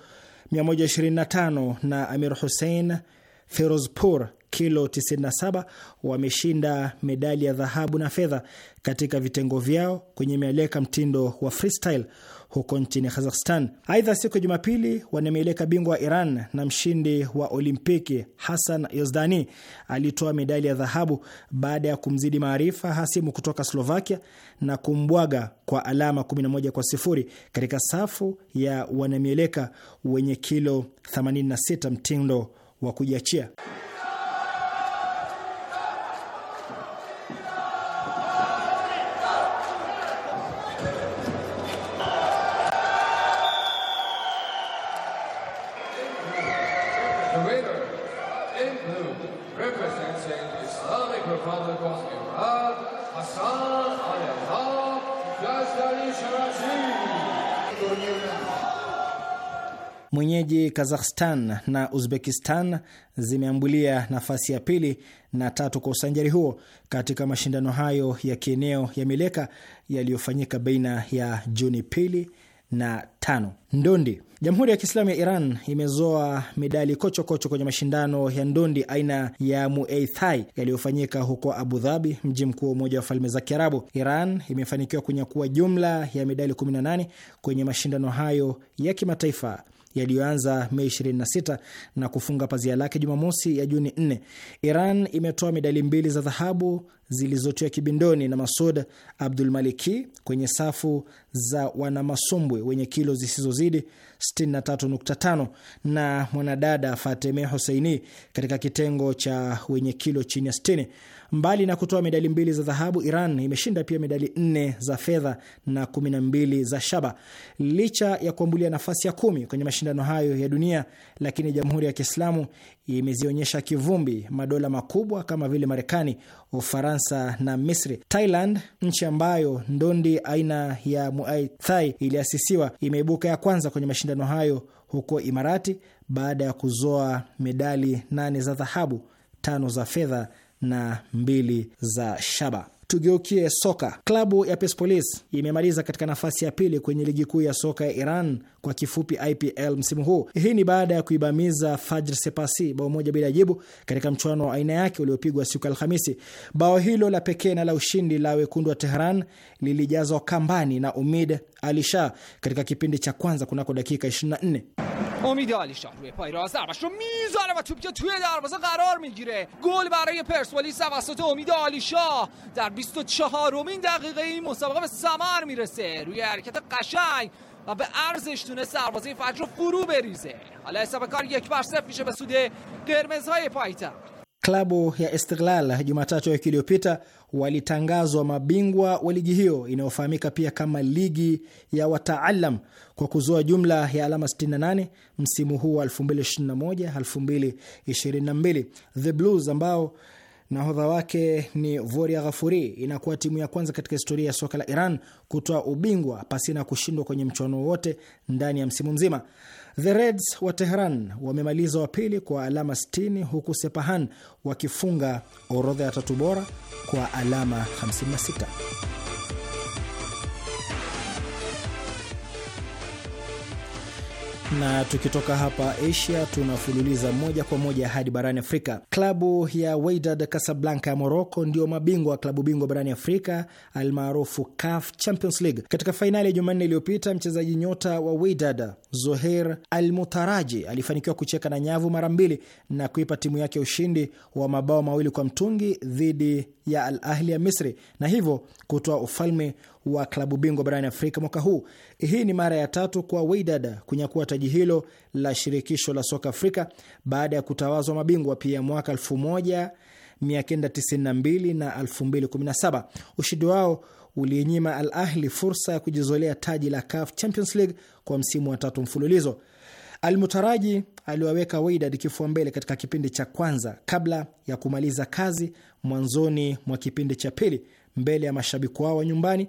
125 na Amir Hussein Ferozpur kilo 97 wameshinda medali ya dhahabu na fedha katika vitengo vyao kwenye mieleka mtindo wa freestyle huko nchini Kazakhstan. Aidha, siku ya Jumapili, wanamieleka bingwa wa Iran na mshindi wa Olimpiki Hassan Yazdani alitoa medali ya dhahabu baada ya kumzidi maarifa hasimu kutoka Slovakia na kumbwaga kwa alama 11 kwa sifuri katika safu ya wanamieleka wenye kilo 86 mtindo wa kujiachia. Kazakhstan na Uzbekistan zimeambulia nafasi ya pili na tatu kwa usanjari huo katika mashindano hayo ya kieneo ya mileka yaliyofanyika baina ya Juni pili na tano. Ndondi. Jamhuri ya Kiislamu ya Iran imezoa medali kochokocho kwenye mashindano ya ndondi aina ya Muay Thai yaliyofanyika huko Abu Dhabi, mji mkuu wa Umoja wa Falme za Kiarabu. Iran imefanikiwa kunyakua jumla ya medali 18 kwenye mashindano hayo ya kimataifa yaliyoanza Mei 26 na kufunga pazia lake Jumamosi ya Juni 4. Iran imetoa medali mbili za dhahabu zilizotiwa kibindoni na Masud Abdul Maliki kwenye safu za wanamasumbwi wenye kilo zisizozidi 63.5 na mwanadada Fateme Hoseini katika kitengo cha wenye kilo chini ya 60. Mbali na kutoa medali mbili za dhahabu, Iran imeshinda pia medali nne za fedha na mbili za shaba. Licha ya kuambulia nafasi ya kumi kwenye mashindano hayo ya dunia, lakini Jamhuri ya Kiislamu imezionyesha kivumbi madola makubwa kama vile Marekani, Ufaransa na Misri. Thailand, nchi ambayo ndondi aina ya Muay Thai iliasisiwa, imeibuka ya kwanza kwenye mashindano hayo huko Imarati baada ya kuzoa medali nane za dhahabu, tano za fedha na mbili za shaba. Tugeukie soka. Klabu ya Persepolis imemaliza katika nafasi ya pili kwenye ligi kuu ya soka ya Iran kwa kifupi IPL msimu huu. Hii ni baada ya kuibamiza Fajr Sepasi bao moja bila jibu katika mchuano wa aina yake uliopigwa siku Alhamisi. Bao hilo la pekee na la ushindi la wekundu wa Tehran lilijazwa kambani na Umid Alisha katika kipindi cha kwanza kunako dakika 24. Umid Ali Shah ruye payra zarbasho ro mizare va tupke tuye darvaza qarar migire gol baraye Persepolis avasat Umid Ali Shah dar 24 umin daqiqe in musabaqa be samar mirese ruye harakat qashang و به ارزش تونه سربازی فجر رو فرو بریزه حالا حساب کار یک بر صفر میشه به سود قرمزهای پایتخت Klabu ya Istiklal Jumatatu wiki iliyopita walitangazwa mabingwa wa ligi hiyo inayofahamika pia kama ligi ya wataalam kwa kuzoa jumla ya alama 68 msimu huu wa 2021 2022. The Blues ambao nahodha wake ni Voria Ghafuri, inakuwa timu ya kwanza katika historia ya soka la Iran kutoa ubingwa pasina kushindwa kwenye mchuano wowote ndani ya msimu mzima. The Reds wa Tehran wamemaliza wa pili kwa alama 60 huku Sepahan wakifunga orodha ya tatu bora kwa alama 56. na tukitoka hapa Asia tunafululiza moja kwa moja hadi barani Afrika. Klabu ya Wydad Casablanca ya Morocco ndio mabingwa wa klabu bingwa barani Afrika almaarufu CAF Champions League. Katika fainali ya Jumanne iliyopita, mchezaji nyota wa Wydad zoher Almutaraji alifanikiwa kucheka na nyavu mara mbili na kuipa timu yake ushindi wa mabao mawili kwa mtungi dhidi ya Al Ahli ya Misri na hivyo kutoa ufalme wa klabu bingwa barani Afrika mwaka huu. Hii ni mara ya tatu kwa Wydad kunyakua taji hilo la shirikisho la soka Afrika baada ya kutawazwa mabingwa pia mwaka 1992 na 2017. Ushindi wao uliinyima Al Ahli fursa ya kujizolea taji la CAF Champions League kwa msimu wa tatu mfululizo. Almutaraji aliwaweka Wydad kifua mbele katika kipindi cha kwanza kabla ya kumaliza kazi mwanzoni mwa kipindi cha pili mbele ya mashabiki wao wa nyumbani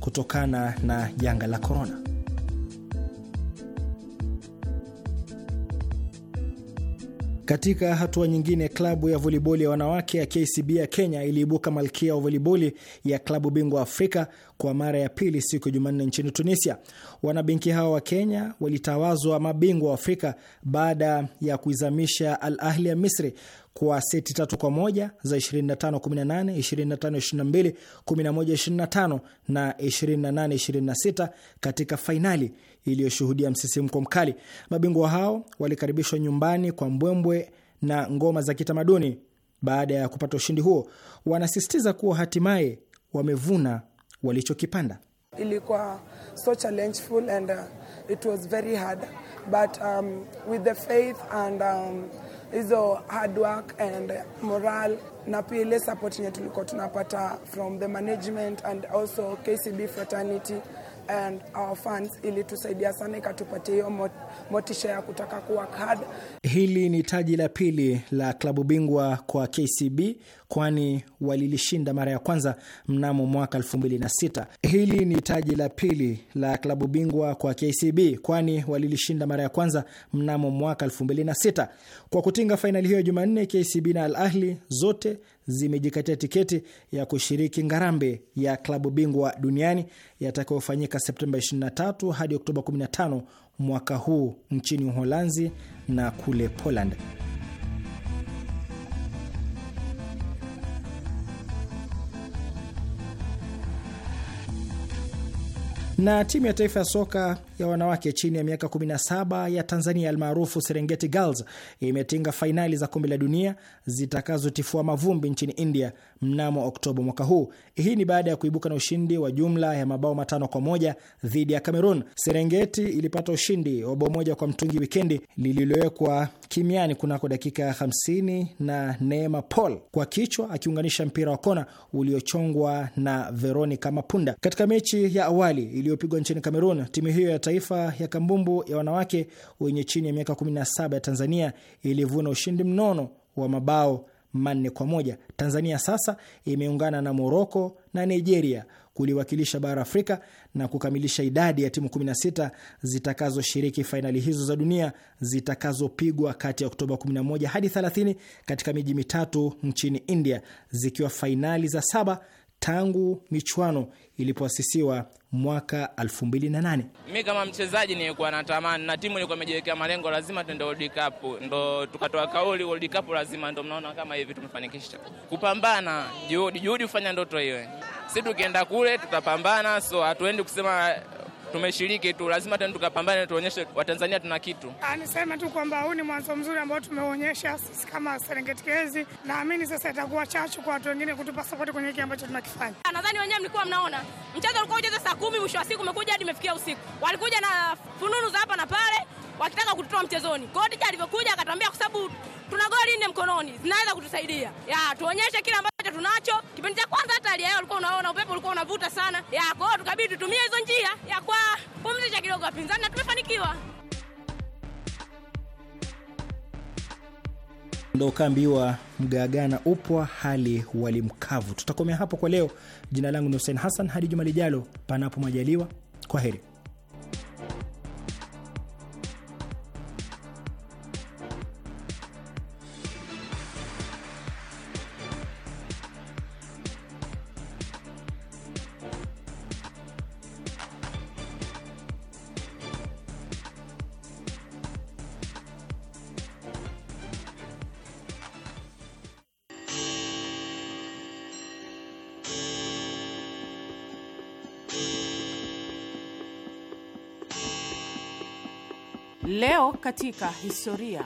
kutokana na janga la korona. Katika hatua nyingine, klabu ya voliboli ya wanawake ya KCB ya Kenya iliibuka malkia wa voliboli ya klabu bingwa Afrika kwa mara ya pili siku ya Jumanne nchini Tunisia. Wanabenki hao wa Kenya walitawazwa mabingwa wa Afrika baada ya kuizamisha Al Ahli ya Misri kwa seti tatu kwa moja za 25 18, 25 22, 11 25 na 28 26 katika fainali iliyoshuhudia msisimko mkali. Mabingwa hao walikaribishwa nyumbani kwa mbwembwe na ngoma za kitamaduni. Baada ya kupata ushindi huo, wanasisitiza kuwa hatimaye wamevuna walichokipanda. Ilikuwa so challengeful and uh, it was very hard but um, with the faith and um, hizo um, hard work and moral na pia ile support yenye tulikuwa tunapata from the management and also KCB fraternity and our funds ilitusaidia sana, ikatupatia hiyo motisha ya kutaka kuwa kad. Hili ni taji la pili la klabu bingwa kwa KCB kwani walilishinda mara ya kwanza mnamo mwaka 2006. Hili ni taji la pili la klabu bingwa kwa KCB, kwani walilishinda mara ya kwanza mnamo mwaka 2006. Kwa kutinga fainali hiyo Jumanne, KCB na Al Ahli zote zimejikatia tiketi ya kushiriki ngarambe ya klabu bingwa duniani yatakayofanyika Septemba 23 hadi Oktoba 15 mwaka huu nchini Uholanzi na kule Poland. Na timu ya taifa ya soka ya wanawake chini ya miaka 17 ya Tanzania almaarufu Serengeti Girls imetinga fainali za kombe la dunia zitakazotifua mavumbi nchini India mnamo Oktoba mwaka huu. Hii ni baada ya kuibuka na ushindi wa jumla ya mabao matano kwa moja dhidi ya Cameroon. Serengeti ilipata ushindi wa bao moja kwa mtungi wikendi lililowekwa kimiani kunako dakika ya 50 na Neema Paul kwa kichwa akiunganisha mpira wa kona uliochongwa na Veronica Mapunda katika mechi ya awali iliyopigwa nchini Kamerun. Timu hiyo ya taifa ya kambumbu ya wanawake wenye chini ya miaka 17 ya Tanzania ilivuna ushindi mnono wa mabao manne kwa moja. Tanzania sasa imeungana na Moroko na Nigeria kuliwakilisha bara Afrika na kukamilisha idadi ya timu 16 zitakazoshiriki fainali hizo za dunia zitakazopigwa kati ya Oktoba 11 hadi 30 katika miji mitatu nchini India, zikiwa fainali za saba tangu michuano ilipoasisiwa mwaka 2008. mi kama mchezaji nilikuwa natamani na timu ilikuwa imejiwekea malengo, lazima tuende World Cup, ndo tukatoa kauli World Cup lazima, ndo mnaona kama hivi tumefanikisha. Kupambana, juhudi, juhudi hufanya ndoto hiyo. si tukienda kule tutapambana, so hatuendi kusema tumeshiriki tu, lazima tena tukapambane, tuonyeshe Watanzania tuna kitu. Ah, niseme tu kwamba huu ni mwanzo mzuri ambao tumeonyesha sisi kama Serengeti Girls. Naamini sasa itakuwa chachu kwa watu wengine kutupa sapoti kwenye hiki ambacho tunakifanya. Ah, nadhani wenyewe mlikuwa mnaona mchezo ulikuwa ucheza saa kumi, mwisho wa siku umekuja hadi imefikia usiku. Walikuja na fununu za hapa na pale wakitaka kututoa mchezoni. Kwa alivyokuja akatuambia, kwa sababu tuna goli nne mkononi zinaweza kutusaidia ya tuonyeshe kile ambacho tunacho. Kipindi cha kwanza hata hali ya hewa ulikuwa unaona upepo ulikuwa unavuta sana ya, kwao, tukabidi tutumie hizo njia ya kwa pumzisha kidogo wapinzani, na tumefanikiwa. Ndo ukambi mgagana upwa hali walimkavu. Tutakomea hapo kwa leo. Jina langu ni Hussein Hassan, hadi juma lijalo, panapo majaliwa. Kwa heri. katika historia.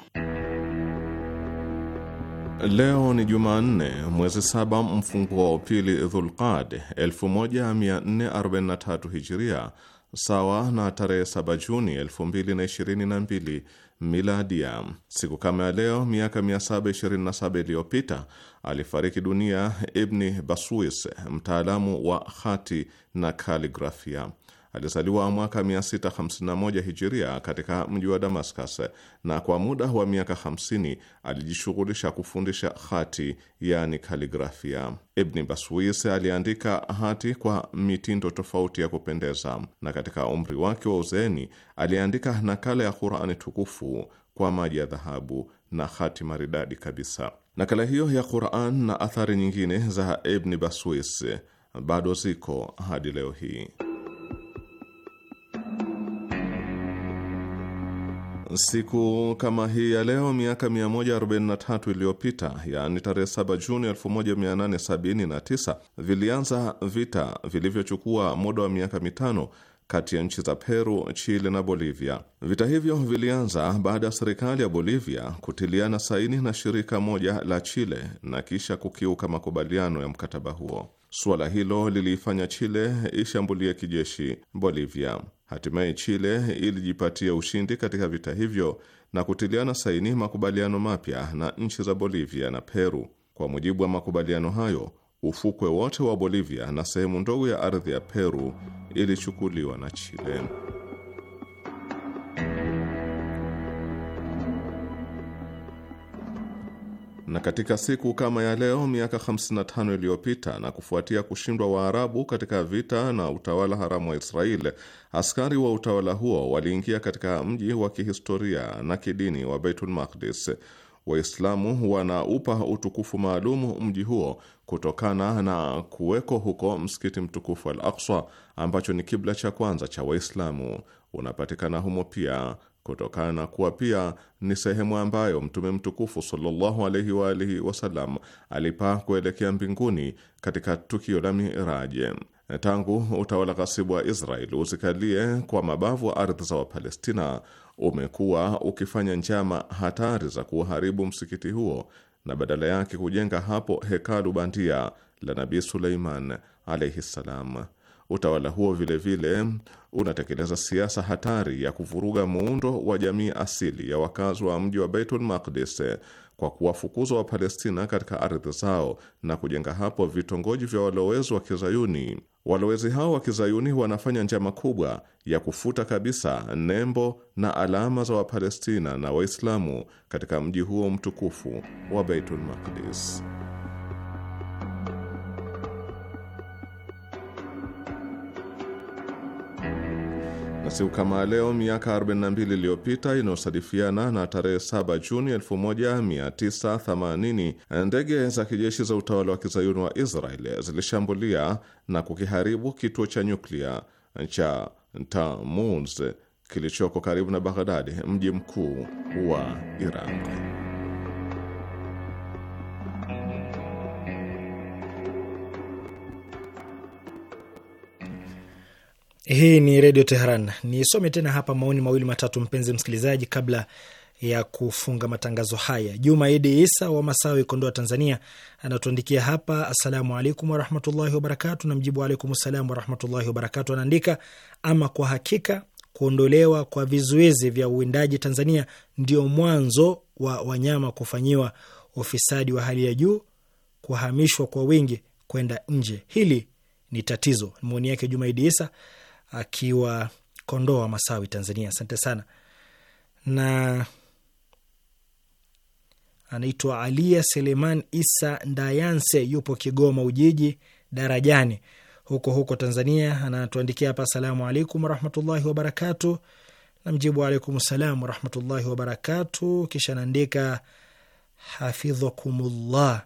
Leo ni Jumanne, mwezi saba mfungu wa pili Dhulqad 1443 Hijiria, sawa na tarehe 7 Juni 2022 miladia. Siku kama ya leo miaka 727 iliyopita alifariki dunia Ibni Baswis, mtaalamu wa hati na kaligrafia. Alizaliwa mwaka 651 hijiria katika mji wa Damascus, na kwa muda wa miaka 50 alijishughulisha kufundisha hati, yani kaligrafia. Ibni Baswis aliandika hati kwa mitindo tofauti ya kupendeza, na katika umri wake wa uzeeni aliandika nakala ya Qurani tukufu kwa maji ya dhahabu na hati maridadi kabisa. Nakala hiyo ya Quran na athari nyingine za Ibni Baswis bado ziko hadi leo hii. Siku kama hii ya leo miaka 143 iliyopita, yaani tarehe 7 Juni 1879, vilianza vita vilivyochukua muda wa miaka mitano kati ya nchi za Peru, Chile na Bolivia. Vita hivyo vilianza baada ya serikali ya Bolivia kutiliana saini na shirika moja la Chile na kisha kukiuka makubaliano ya mkataba huo. Suala hilo liliifanya Chile ishambulie kijeshi Bolivia. Hatimaye Chile ilijipatia ushindi katika vita hivyo na kutiliana saini makubaliano mapya na nchi za Bolivia na Peru. Kwa mujibu wa makubaliano hayo, ufukwe wote wa Bolivia na sehemu ndogo ya ardhi ya Peru ilichukuliwa na Chile. Na katika siku kama ya leo miaka 55 iliyopita, na kufuatia kushindwa Waarabu katika vita na utawala haramu wa Israeli, askari wa utawala huo waliingia katika mji wa kihistoria na kidini wa Baitul Maqdis. Waislamu wanaupa utukufu maalumu mji huo kutokana na kuweko huko msikiti mtukufu Al Aqsa, ambacho ni kibla cha kwanza cha Waislamu. Unapatikana humo pia kutokana na kuwa pia ni sehemu ambayo Mtume mtukufu sallallahu alaihi wa alihi wasallam alipaa kuelekea mbinguni katika tukio la Miraji. Tangu utawala ghasibu wa Israeli usikalie kwa mabavu wa ardhi za Wapalestina, umekuwa ukifanya njama hatari za kuharibu msikiti huo na badala yake kujenga hapo hekalu bandia la Nabii Suleiman alaihi ssalam. Utawala huo vilevile vile unatekeleza siasa hatari ya kuvuruga muundo wa jamii asili ya wakazi wa mji wa Baitul Maqdis kwa kuwafukuza Wapalestina katika ardhi zao na kujenga hapo vitongoji vya walowezi wa Kizayuni. Walowezi hao wa Kizayuni wanafanya njama kubwa ya kufuta kabisa nembo na alama za Wapalestina na Waislamu katika mji huo mtukufu wa Baitul Maqdis. kama leo miaka 42 iliyopita inayosadifiana na tarehe 7 Juni 1980, ndege za kijeshi za utawala wa kizayuni wa Israel zilishambulia na kukiharibu kituo cha nyuklia cha Tamuz kilichoko karibu na Baghdad, mji mkuu wa Iraq. Hii ni Redio Teheran. Nisome tena hapa maoni mawili matatu, mpenzi msikilizaji, kabla ya kufunga matangazo haya. Juma Idi Isa wa Masawi, Kondoa, Tanzania, anatuandikia hapa, assalamu alaikum warahmatullahi wabarakatu. Na mjibu alaikum salam warahmatullahi wabarakatu. Anaandika, ama kwa hakika kuondolewa kwa vizuizi vya uwindaji Tanzania ndio mwanzo wa wanyama kufanyiwa ufisadi wa hali ya juu, kuhamishwa kwa wingi kwenda nje. Hili ni tatizo. Maoni yake Juma Idi Isa akiwa Kondoa Masawi, Tanzania. Asante sana. Na anaitwa Alia Seleman Isa Ndayanse, yupo Kigoma Ujiji darajani huko huko Tanzania. Anatuandikia hapa, asalamu alaikum warahmatullahi wabarakatu. Namjibu alaikum salam warahmatullahi wabarakatu. Kisha anaandika hafidhakumullah,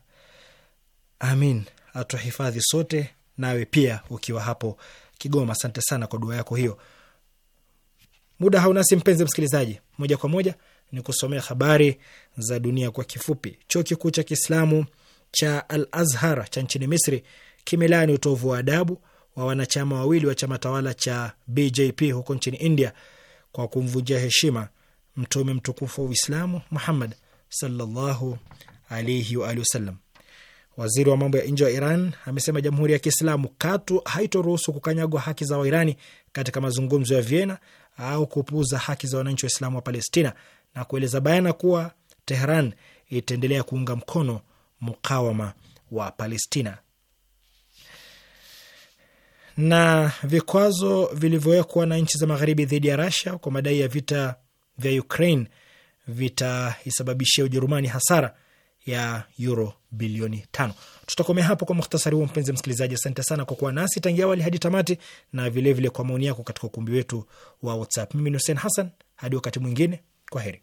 amin, atuhifadhi sote, nawe pia ukiwa hapo Kigoma. Asante sana kwa dua yako hiyo. Muda haunasi mpenzi msikilizaji, moja kwa moja ni kusomea habari za dunia kwa kifupi. Chuo kikuu cha Kiislamu cha Al Azhar cha nchini Misri kimelaani utovu wa adabu wa wanachama wawili wa chama tawala cha BJP huko nchini India kwa kumvunjia heshima mtume mtukufu wa Uislamu Muhammad sallallahu alaihi wa alihi wasallam. Waziri wa mambo ya nje wa Iran amesema jamhuri ya Kiislamu katu haitoruhusu kukanyagwa haki za Wairani katika mazungumzo ya Vienna au kupuuza haki za wananchi wa islamu wa Palestina na kueleza bayana kuwa Tehran itaendelea kuunga mkono mukawama wa Palestina. Na vikwazo vilivyowekwa na nchi za magharibi dhidi ya Russia kwa madai ya vita vya Ukraine vitaisababishia Ujerumani hasara ya euro bilioni tano. Tutakomea hapo kwa muhtasari huo, mpenzi msikilizaji. Asante sana kwa kuwa nasi tangia awali hadi tamati, na vilevile vile kwa maoni yako katika ukumbi wetu wa WhatsApp. Mimi ni Hussein Hassan, hadi wakati mwingine, kwa heri